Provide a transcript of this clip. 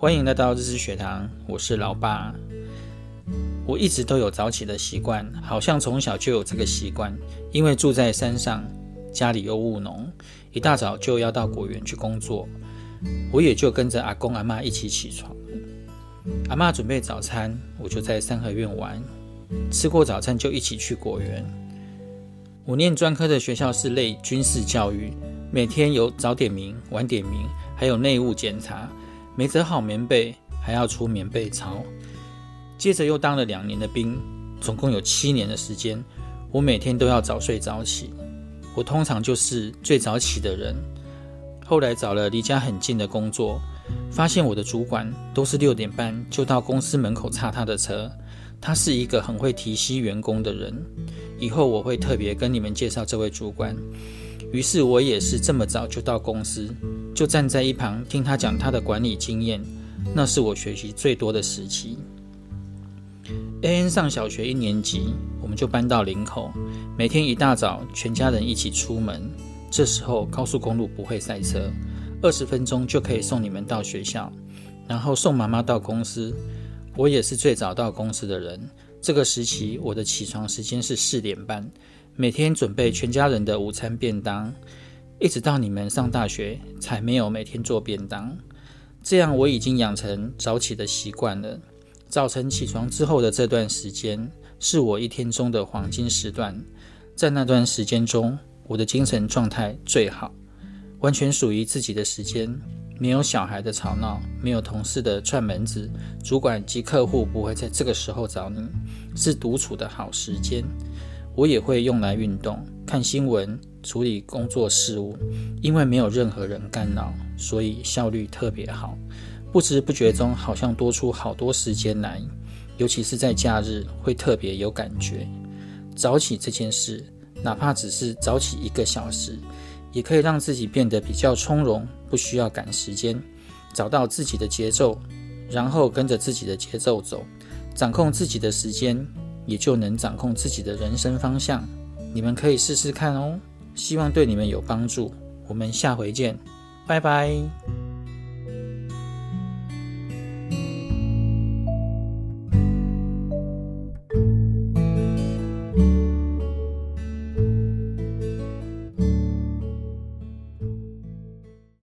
歡迎來到日之學堂，我是老爸。我一直都有早起的習慣，好像從小就有這個習慣。因為住在山上，家裡又務農，一大早就要到果園去工作，我也就跟着阿公阿媽一起起床。阿媽準備早餐，我就在三合院玩。吃過早餐就一起去果園。我念專科的學校是類軍事教育，每天有早點名、晚點名，還有內務檢查。沒折好棉被，還要出棉被操。接着又當了兩年的兵，總共有七年的時間，我每天都要早睡早起。我通常就是最早起的人。後來找了離家很近的工作，發現我的主管都是六點半就到公司門口擦他的車。他是一個很會提攜員工的人，以後我會特別跟你們介紹這位主管。於是，我也是這麼早就到公司。就站在一旁聽他講他的管理經驗，那是我學習最多的時期。An 上小學一年級，我們就搬到林口，每天一大早全家人一起出門。這時候高速公路不會塞車，二十分鐘就可以送你們到學校，然後送媽媽到公司。我也是最早到公司的人。這個時期我的起床時間是四點半，每天準備全家人的午餐便當。一直到你們上大學才沒有每天做便當，這樣我已經養成早起的習慣了。早晨起床之後的這段時間是我一天中的黃金時段，在那段時間中，我的精神狀態最好，完全屬於自己的時間，沒有小孩的吵鬧，沒有同事的串門子，主管及客戶不會在這個時候找你，是獨處的好時間。我也會用來運動、看新聞、處理工作事務，因為沒有任何人干擾，所以效率特別好。不知不覺中，好像多出好多時間來，尤其是在假日，會特別有感覺。早起這件事，哪怕只是早起一個小時，也可以讓自己變得比較從容，不需要趕時間，找到自己的節奏，然後跟着自己的節奏走，掌控自己的時間。也就能掌控自己的人生方向，你們可以試試看哦。希望對你們有幫助，我們下回見，拜拜。